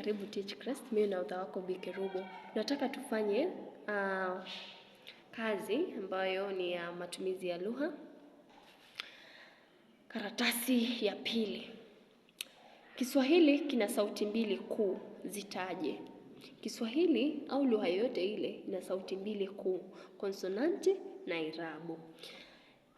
Karibu Teachkrest, mimi na udha wako bikerugo Nataka Tunataka tufanye uh, kazi ambayo ni ya matumizi ya lugha, karatasi ya pili. Kiswahili kina sauti mbili kuu, zitaje. Kiswahili au lugha yoyote ile ina sauti mbili kuu, konsonanti na irabu.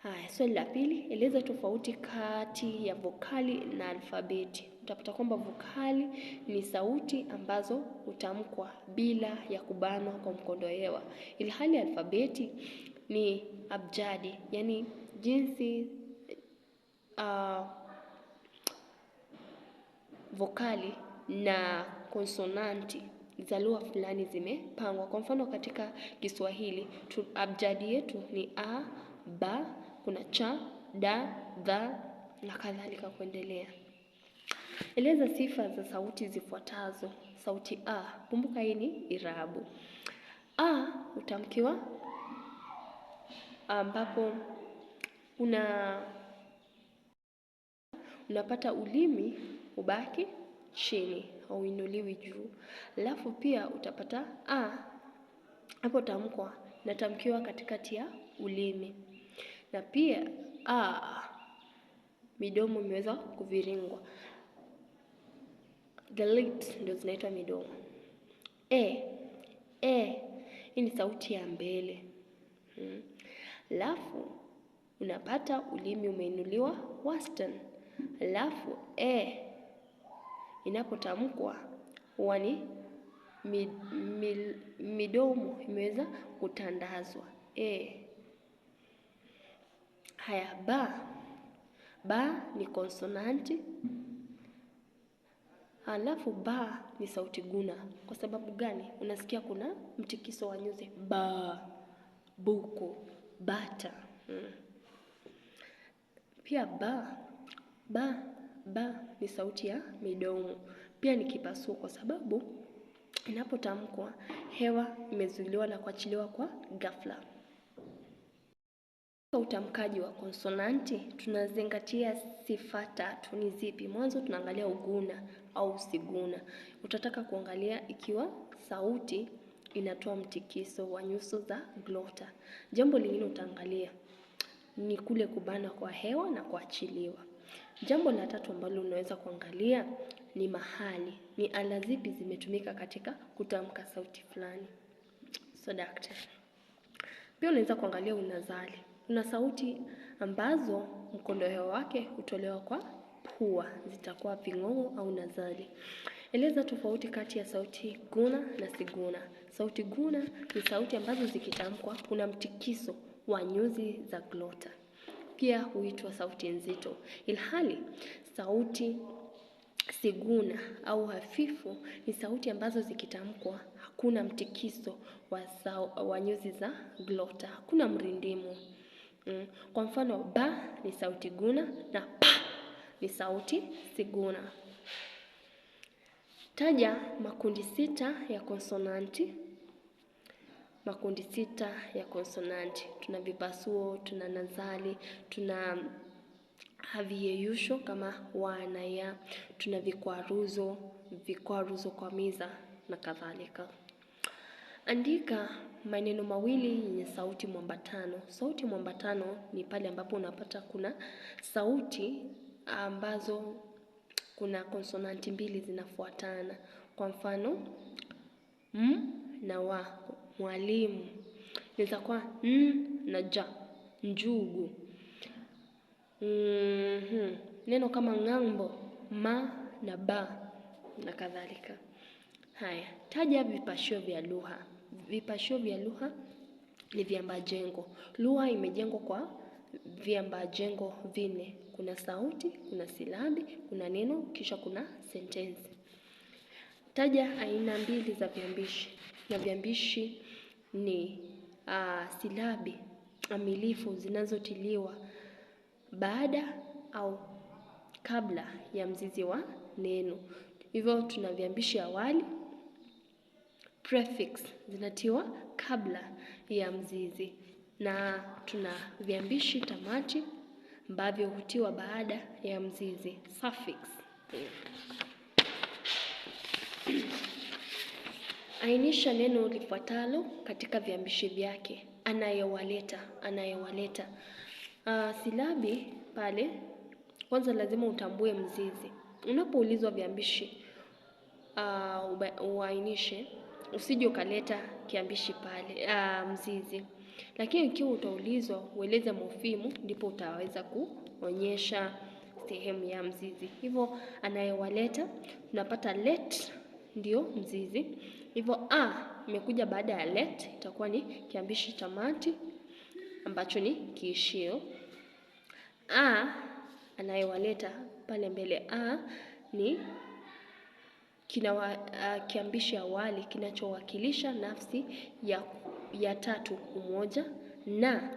Haya, swali la pili, eleza tofauti kati ya vokali na alfabeti utapata kwamba vokali ni sauti ambazo hutamkwa bila ya kubanwa kwa mkondo hewa, ilhali alfabeti ni abjadi, yani jinsi uh, vokali na konsonanti za lugha fulani zimepangwa. Kwa mfano katika Kiswahili tu, abjadi yetu ni a, ba, kuna cha, da, dha na kadhalika kuendelea. Eleza sifa za sauti zifuatazo. Sauti a, kumbuka hii ni irabu. A utamkiwa ambapo una unapata ulimi ubaki chini, hauinuliwi juu. Alafu pia utapata a hapo tamkwa natamkiwa katikati ya ulimi, na pia a midomo imeweza kuviringwa. Glit ndio zinaitwa midomo. E, e hii ni sauti ya mbele hmm. Alafu unapata ulimi umeinuliwa wastani, alafu e inapotamkwa huwa ni mid, mid, midomo imeweza kutandazwa e. Haya, ba ba ni konsonanti Alafu ba ni sauti guna. Kwa sababu gani? Unasikia kuna mtikiso wa nyuzi ba, buko, bata. Hmm. Pia ba, ba, ba ni sauti ya midomo. Pia ni kipasuo kwa sababu inapotamkwa hewa imezuiliwa na kuachiliwa kwa ghafla. Kwa utamkaji wa konsonanti tunazingatia sifa tatu ni zipi. Mwanzo tunaangalia uguna au siguna. Utataka kuangalia ikiwa sauti inatoa mtikiso wa nyuso za glota. Jambo lingine utaangalia ni kule kubana kwa hewa na kuachiliwa. Jambo la tatu ambalo unaweza kuangalia ni mahali. Ni ala zipi zimetumika katika kutamka sauti fulani. So daktari. Pia unaweza kuangalia unazali na sauti ambazo mkondo wake hutolewa kwa pua, zitakuwa ving'ong'o au nazali. Eleza tofauti kati ya sauti guna na siguna. Sauti guna ni sauti ambazo zikitamkwa kuna mtikiso wa nyuzi za glota, pia huitwa sauti nzito, ilhali sauti siguna au hafifu ni sauti ambazo zikitamkwa hakuna mtikiso wa, wa nyuzi za glota, hakuna mrindimu Mm. Kwa mfano ba ni sauti guna na pa ni sauti siguna. Taja makundi sita ya konsonanti. Makundi sita ya konsonanti. Tuna vipasuo, tuna nazali, tuna haviyeyusho kama wa na ya, tuna vikwaruzo, vikwaruzo kwa miza na kadhalika. Andika maneno mawili yenye sauti mwambatano. Sauti mwambatano ni pale ambapo unapata kuna sauti ambazo kuna konsonanti mbili zinafuatana. Kwa mfano m na wa, mwalimu. Inaweza kuwa n na ja, njugu. Mm -hmm. Neno kama ng'ambo, ma na ba na kadhalika. Haya, taja vipashio vya lugha. Vipashio vya lugha ni viambajengo. Lugha imejengwa kwa viambajengo vinne: kuna sauti, kuna silabi, kuna neno, kisha kuna sentensi. Taja aina mbili za viambishi, na viambishi ni uh, silabi amilifu zinazotiliwa baada au kabla ya mzizi wa neno. Hivyo tuna viambishi awali prefix zinatiwa kabla ya mzizi, na tuna viambishi tamati ambavyo hutiwa baada ya mzizi suffix. Ainisha neno lifuatalo katika viambishi vyake anayewaleta, anayewaleta. Uh, silabi pale kwanza lazima utambue mzizi. Unapoulizwa viambishi uh, uainishe usije ukaleta kiambishi pale uh, mzizi. Lakini ikiwa utaulizwa ueleze mofimu, ndipo utaweza kuonyesha sehemu ya mzizi. Hivyo anayewaleta tunapata let ndio mzizi. Hivyo a imekuja baada ya let, itakuwa ni kiambishi tamati ambacho ni kiishio. A anayewaleta pale mbele a ni Ah, kiambishi awali kinachowakilisha nafsi ya, ya tatu umoja na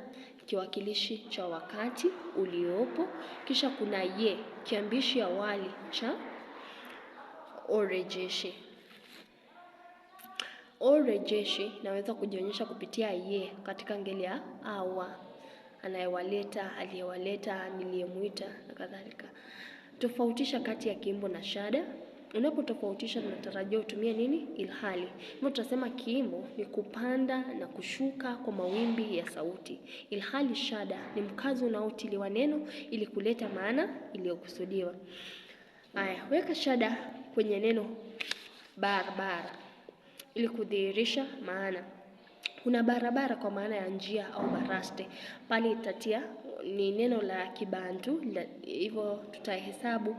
kiwakilishi cha wakati uliopo. Kisha kuna ye kiambishi awali cha orejeshi. Orejeshe naweza kujionyesha kupitia ye katika ngeli ya awa, anayewaleta, aliyewaleta, niliyemwita na kadhalika. Tofautisha kati ya kiimbo na shada. Unapotofautisha tunatarajia utumie nini? Ilhali. Hivyo tutasema kiimbo ni kupanda na kushuka kwa mawimbi ya sauti. Ilhali shada ni mkazo unaotiliwa neno ili kuleta maana iliyokusudiwa. Haya, weka shada kwenye neno barabara ili kudhihirisha maana. Kuna barabara kwa maana ya njia au baraste, pale itatia ni neno la Kibantu hivyo tutahesabu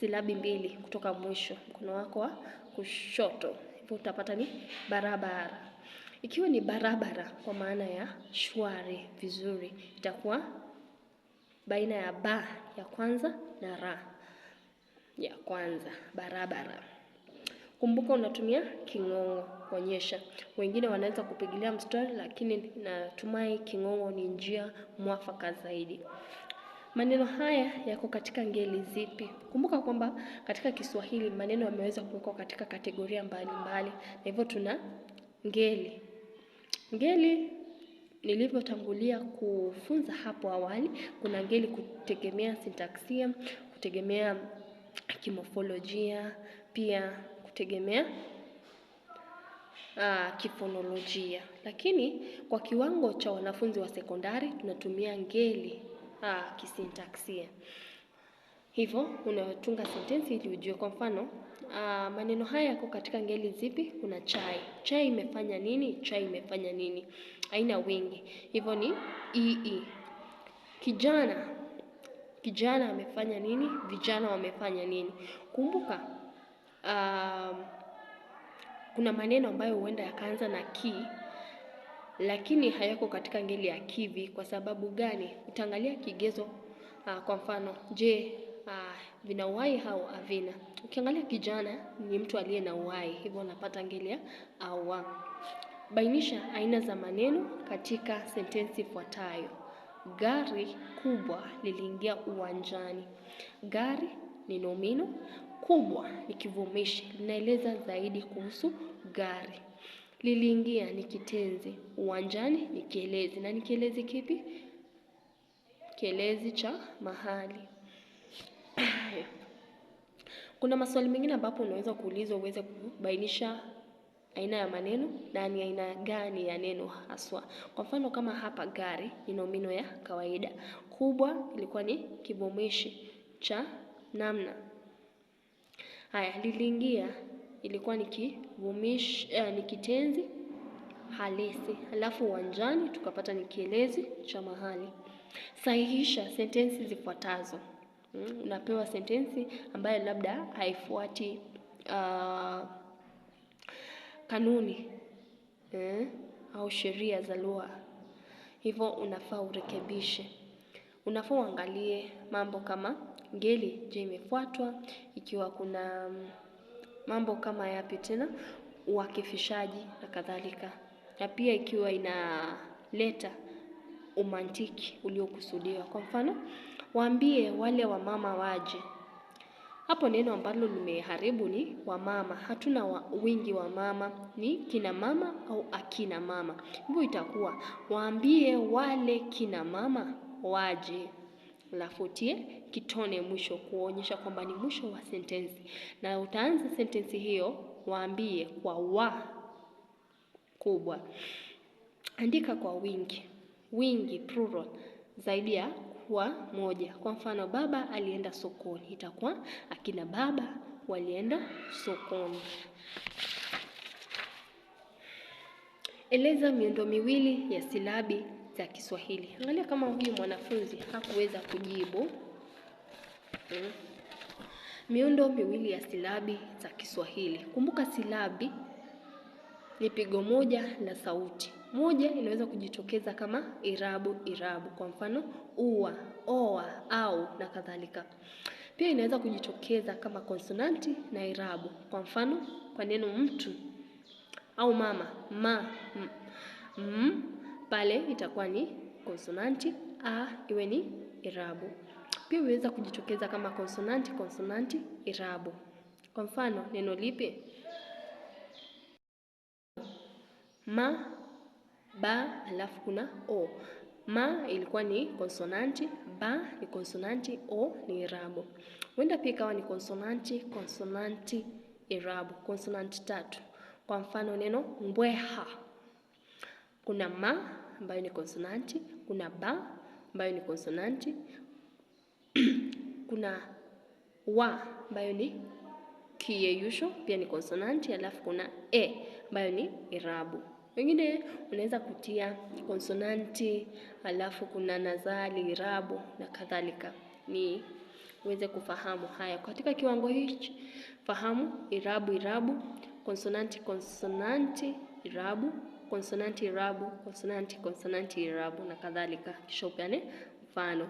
silabi mbili kutoka mwisho mkono wako wa kushoto. Hivyo utapata ni barabara. Ikiwa ni barabara kwa maana ya shwari vizuri, itakuwa baina ya ba ya kwanza na ra ya kwanza, barabara. Kumbuka unatumia king'ong'o kuonyesha. Wengine wanaweza kupigilia mstari, lakini natumai king'ong'o ni njia mwafaka zaidi. Maneno haya yako katika ngeli zipi? Kumbuka kwamba katika Kiswahili maneno yameweza kuwekwa katika kategoria mbalimbali, na hivyo tuna ngeli. Ngeli nilivyotangulia kufunza hapo awali, kuna ngeli kutegemea sintaksia, kutegemea kimofolojia, pia kutegemea Uh, kifonolojia. Lakini kwa kiwango cha wanafunzi wa sekondari tunatumia ngeli uh, ah, kisintaksia. Hivyo unatunga sentensi ili ujue. Kwa mfano uh, maneno haya yako katika ngeli zipi? Kuna chai, chai imefanya nini, chai imefanya nini, aina wingi, hivyo ni ii. E e. Kijana, kijana amefanya nini, vijana wamefanya nini. Kumbuka uh, kuna maneno ambayo huenda yakaanza na ki lakini hayako katika ngeli ya kivi. Kwa sababu gani? Utaangalia kigezo aa, ah, kwa mfano, je, aa, ah, vina uhai au havina? Ukiangalia kijana ni mtu aliye na uhai, hivyo unapata ngeli ya awa. Bainisha aina za maneno katika sentensi ifuatayo: gari kubwa liliingia uwanjani. Gari ni nomino, kubwa ni kivumishi, linaeleza zaidi kuhusu gari. Liliingia ni kitenzi, uwanjani ni kielezi, na ni kielezi kipi? Kielezi cha mahali. Kuna maswali mengine ambapo unaweza kuulizwa uweze kubainisha aina ya maneno na ni aina gani ya neno haswa. Kwa mfano kama hapa, gari ni nomino ya kawaida, kubwa ilikuwa ni kibomeshi cha namna. Haya, liliingia ilikuwa ni eh, ni kitenzi halisi, alafu uwanjani tukapata ni kielezi cha mahali. Sahihisha sentensi zifuatazo. Hmm, unapewa sentensi ambayo labda haifuati uh, kanuni eh, au sheria za lugha, hivyo unafaa urekebishe. Unafaa uangalie mambo kama ngeli, je, imefuatwa ikiwa kuna mm, mambo kama yapi tena, uakifishaji na kadhalika, na pia ikiwa inaleta umantiki uliokusudiwa. Kwa mfano, waambie wale wamama waje. Hapo neno ambalo limeharibu ni wamama. Hatuna wa, wingi wa mama, ni kina mama au akina mama. Hivyo itakuwa waambie wale kina mama waje, lafutie kitone mwisho kuonyesha kwamba ni mwisho wa sentensi, na utaanza sentensi hiyo waambie kwa wa kubwa. Andika kwa wingi, wingi plural, zaidi ya kuwa moja. Kwa mfano, baba alienda sokoni, itakuwa akina baba walienda sokoni. Eleza miundo miwili ya silabi za Kiswahili. Angalia kama huyu mwanafunzi hakuweza kujibu. Miundo miwili ya silabi za Kiswahili. Kumbuka silabi ni pigo moja la sauti. Moja inaweza kujitokeza kama irabu irabu, kwa mfano ua, oa, au na kadhalika. Pia inaweza kujitokeza kama konsonanti na irabu, kwa mfano kwa neno mtu au mama ma, m, m, pale itakuwa ni konsonanti a iwe ni irabu. Pia huweza kujitokeza kama konsonanti konsonanti irabu. Kwa mfano, neno lipi? Ma, ba, alafu kuna o. Ma ilikuwa ni konsonanti, ba ni konsonanti, o ni irabu. Huenda pia ikawa ni konsonanti konsonanti irabu, konsonanti tatu. Kwa mfano, neno mbweha, kuna ma ambayo ni konsonanti, kuna ba ambayo ni konsonanti, kuna wa ambayo ni kiyeyusho, pia ni konsonanti, alafu kuna e ambayo ni irabu. Wengine unaweza kutia konsonanti alafu kuna nazali, irabu na kadhalika, ni uweze kufahamu haya katika kiwango hichi. Fahamu irabu, irabu, konsonanti, konsonanti, irabu, konsonanti, irabu, konsonanti, konsonanti, irabu na kadhalika, kisha upeane mfano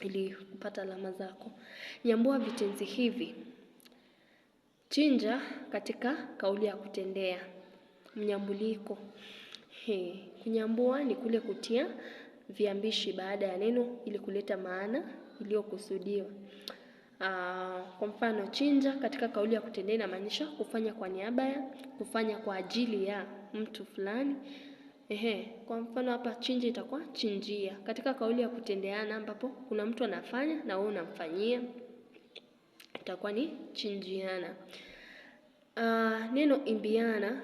ili kupata alama zako. Nyambua vitenzi hivi. Chinja katika kauli ya kutendea. Mnyambuliko. He, kunyambua ni kule kutia viambishi baada ya neno ili kuleta maana iliyokusudiwa. Ah, kwa mfano, chinja katika kauli ya kutendea inamaanisha kufanya kwa niaba ya, kufanya kwa ajili ya mtu fulani. Ehe, kwa mfano hapa chinji itakuwa chinjia, katika kauli ya kutendeana ambapo kuna mtu anafanya na wewe unamfanyia, itakuwa ni chinjiana. Uh, neno imbiana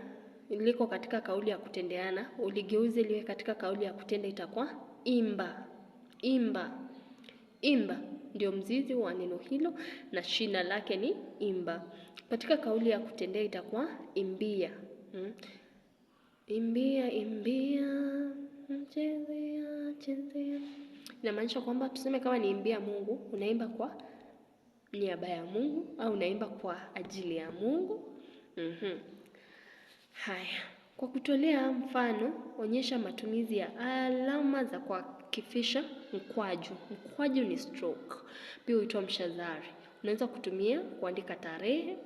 liko katika kauli ya kutendeana, uligeuze liwe katika kauli ya kutenda, itakuwa imba. Imba, imba ndio mzizi wa neno hilo na shina lake ni imba. Katika kauli ya kutendea itakuwa imbia, hmm. Imbia imbia chezea chezea, inamaanisha kwamba tuseme kama ni imbia Mungu, unaimba kwa niaba ya Mungu au unaimba kwa ajili ya Mungu. mm-hmm. Haya, kwa kutolea mfano, onyesha matumizi ya alama za kuakifisha mkwaju. Mkwaju ni stroke, pia huitwa mshazari. Unaweza kutumia kuandika tarehe,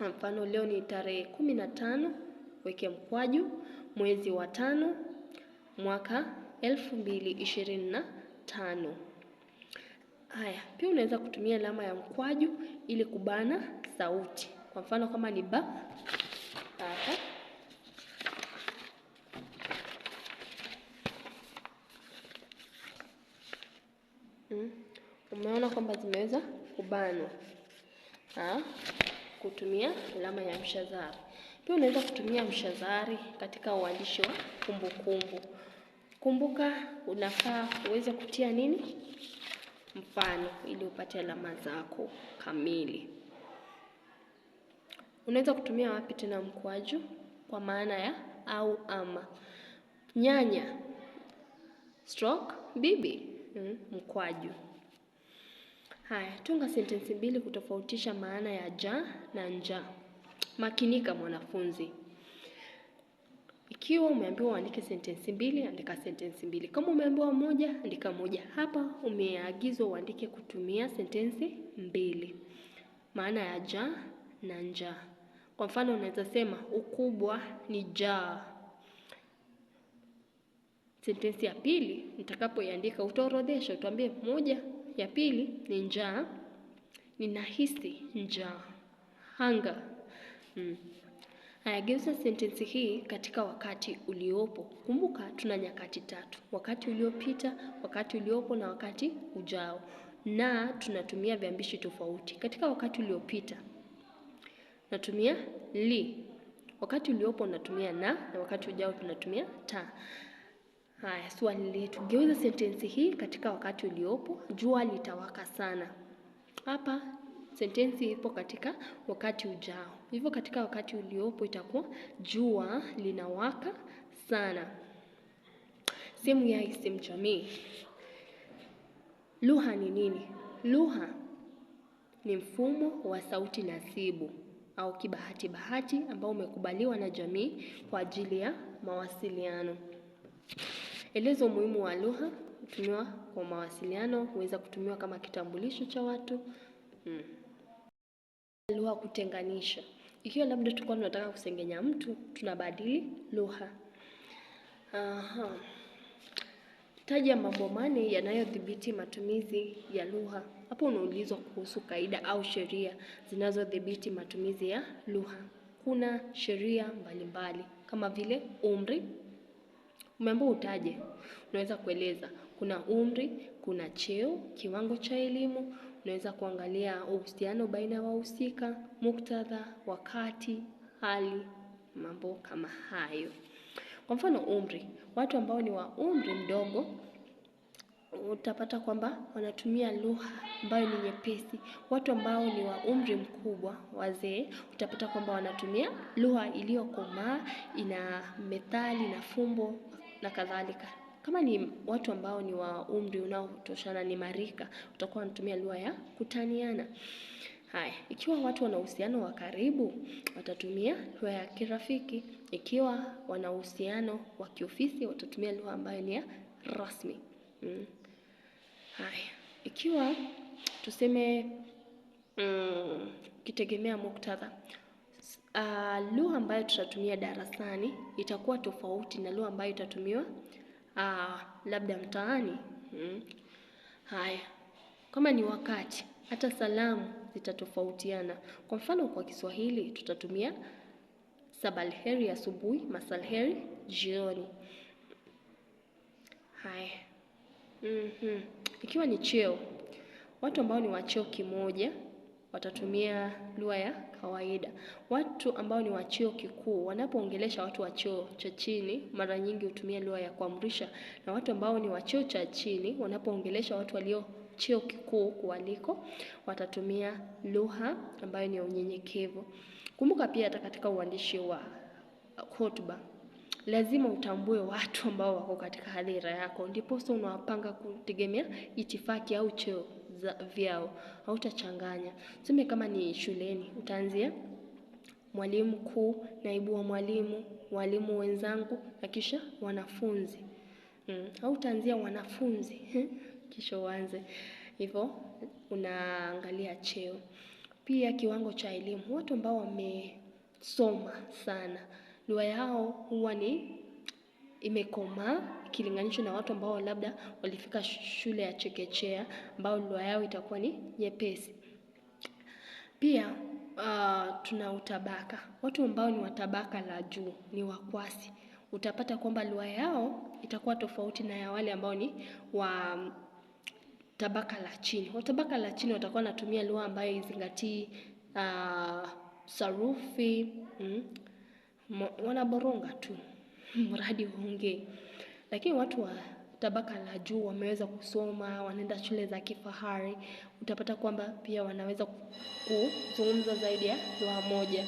mfano leo ni tarehe kumi na tano weke mkwaju mwezi wa tano mwaka elfu mbili ishirini na tano. Haya, pia unaweza kutumia alama ya mkwaju ili kubana sauti. Kwa mfano kama ni ba aha. Mm, umeona kwamba zimeweza kubanwa kutumia alama ya mshazara. Pia unaweza kutumia mshazari katika uandishi wa kumbukumbu. Kumbuka, unafaa uweze kutia nini mfano ili upate alama zako kamili. Unaweza kutumia wapi tena mkwaju kwa maana ya au ama. Nyanya stroke bibi mm, mkwaju. Haya, tunga sentensi mbili kutofautisha maana ya ja na njaa. Makinika mwanafunzi. Ikiwa umeambiwa uandike sentensi mbili, andika sentensi mbili. Kama umeambiwa moja, andika moja. Hapa umeagizwa uandike kutumia sentensi mbili, maana ya ja na njaa. Kwa mfano, unaweza sema ukubwa ni jaa. Sentensi ya pili nitakapoiandika utaorodhesha, utuambie moja ya pili ni njaa, ninahisi njaa, hunger Hmm. Anageuza sentensi hii katika wakati uliopo. Kumbuka tuna nyakati tatu: wakati uliopita, wakati uliopo na wakati ujao, na tunatumia viambishi tofauti. Katika wakati uliopita natumia li, wakati uliopo natumia na, na wakati ujao tunatumia ta. Haya, swali letu, geuza sentensi hii katika wakati uliopo. Jua litawaka sana. Hapa sentensi ipo katika wakati ujao. Hivyo katika wakati uliopo itakuwa jua linawaka sana. Sehemu ya isimu jamii. Lugha ni nini? Lugha ni mfumo wa sauti nasibu au kibahati bahati ambao umekubaliwa na jamii kwa ajili ya mawasiliano. Elezo muhimu wa lugha hutumiwa kwa mawasiliano, huweza kutumiwa kama kitambulisho cha watu. Hmm. Lugha kutenganisha ikiwa labda tukuwa tunataka kusengenya mtu, tunabadili lugha. Aha. Taja mambo mane yanayodhibiti matumizi ya lugha. Hapo unaulizwa kuhusu kaida au sheria zinazodhibiti matumizi ya lugha. Kuna sheria mbalimbali kama vile umri. Umeambiwa utaje, unaweza kueleza. Kuna umri, kuna cheo, kiwango cha elimu, unaweza kuangalia uhusiano baina ya wahusika, muktadha, wakati, hali, mambo kama hayo. Kwa mfano umri, watu ambao ni wa umri mdogo utapata kwamba wanatumia lugha ambayo ni nyepesi. Watu ambao ni wa umri mkubwa, wazee, utapata kwamba wanatumia lugha iliyokomaa, ina methali na fumbo na kadhalika. Kama ni watu ambao ni wa umri unaotoshana, ni marika, utakuwa unatumia lugha ya kutaniana. Haya, ikiwa watu wana uhusiano wa karibu watatumia lugha ya kirafiki. Ikiwa wana uhusiano wa kiofisi watatumia lugha ambayo ni ya rasmi. Mm. Haya, ikiwa tuseme mm, kitegemea muktadha uh, lugha ambayo tutatumia darasani itakuwa tofauti na lugha ambayo itatumiwa Ah, labda mtaani hmm. Haya, kama ni wakati, hata salamu zitatofautiana. Kwa mfano, kwa Kiswahili tutatumia sabalheri asubuhi, masalheri jioni. Haya, mm -hmm. Ikiwa ni cheo, watu ambao ni wa cheo kimoja watatumia lugha ya kawaida. Watu ambao ni wa kikuu wanapoongelesha watu wa cha chini mara nyingi hutumia lugha ya kuamrisha, na watu ambao ni wa cha chini wanapoongelesha watu walio cheo kikuu kualiko, watatumia lugha ambayo ni ya unyenyekevu. Kumbuka pia hata katika uandishi wa hotuba lazima utambue watu ambao wako katika hadhira yako, ndiposa unawapanga kutegemea itifaki au cheo vyao, hautachanganya. Tuseme kama ni shuleni, utaanzia mwalimu mkuu, naibu wa mwalimu, walimu wenzangu na kisha wanafunzi. Mm, utaanzia wanafunzi eh, kisha uanze hivyo. Unaangalia cheo pia, kiwango cha elimu. Watu ambao wamesoma sana, lugha yao huwa ni imekomaa kilinganishwa na watu ambao labda walifika shule ya chekechea ambao lugha yao itakuwa ni nyepesi. Pia uh, tuna utabaka. Watu ambao ni wa tabaka la juu ni wakwasi, utapata kwamba lugha yao itakuwa tofauti na ya wale ambao ni wa mm, tabaka la chini. Wa tabaka la chini watakuwa wanatumia lugha ambayo izingatii uh, ah, sarufi mm, wanaboronga tu mradi waongee lakini watu wa tabaka la juu wameweza kusoma, wanaenda shule za kifahari, utapata kwamba pia wanaweza kuzungumza zaidi ya lugha moja.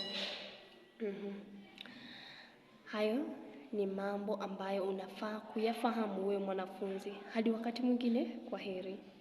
Mm-hmm. Hayo ni mambo ambayo unafaa kuyafahamu wewe mwanafunzi. Hadi wakati mwingine, kwa heri.